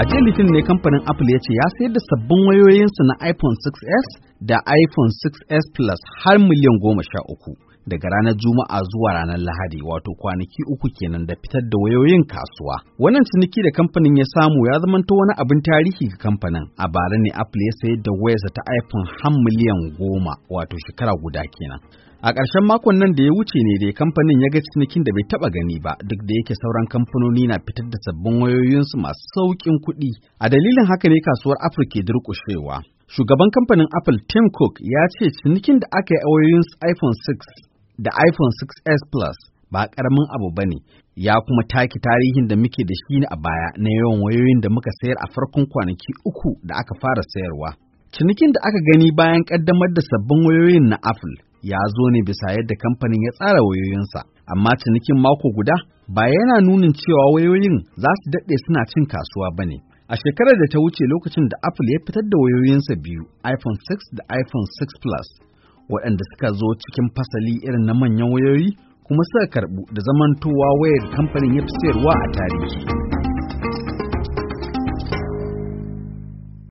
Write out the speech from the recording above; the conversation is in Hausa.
A jiya Litinin ne kamfanin Apple ya ce ya sayar da sabbin wayoyinsa na iPhone 6s da iPhone 6s Plus har miliyan goma sha uku. daga ranar Juma'a zuwa ranar Lahadi wato kwanaki uku kenan da fitar da wayoyin kasuwa. Wannan ciniki da kamfanin ya samu ya zamanta wani abin tarihi ga kamfanin. A bara ne Apple ya sayar da wayarsa ta iPhone har miliyan goma wato shekara guda kenan. A ƙarshen makon nan da ya wuce ne dai kamfanin ya ga cinikin da bai taɓa gani ba duk da yake sauran kamfanoni na fitar da sabbin wayoyinsu masu sauƙin kuɗi. A dalilin haka ne kasuwar Afirka ke durƙushewa. Shugaban kamfanin Apple Tim Cook ya ce cinikin da aka yi a wayoyin iPhone 6 da iPhone 6s Plus ba karamin abu ba ne, ya kuma taki tarihin da muke da shi a baya na yawan wayoyin da muka sayar a farkon kwanaki uku da aka fara sayarwa. Cinikin da aka gani bayan ƙaddamar da sabbin wayoyin na Apple ya zo ne bisa yadda kamfanin ya tsara wayoyinsa, amma cinikin mako guda ba yana nunin cewa wayoyin za su daɗe suna cin kasuwa ba ne. A shekarar da ta wuce lokacin da Apple ya fitar da wayoyinsa biyu, iPhone 6 da iPhone 6 Plus, waɗanda suka zo cikin fasali irin na manyan wayoyi kuma suka karɓu da zamantowa wayar kamfanin ya fi sayarwa a tarihi.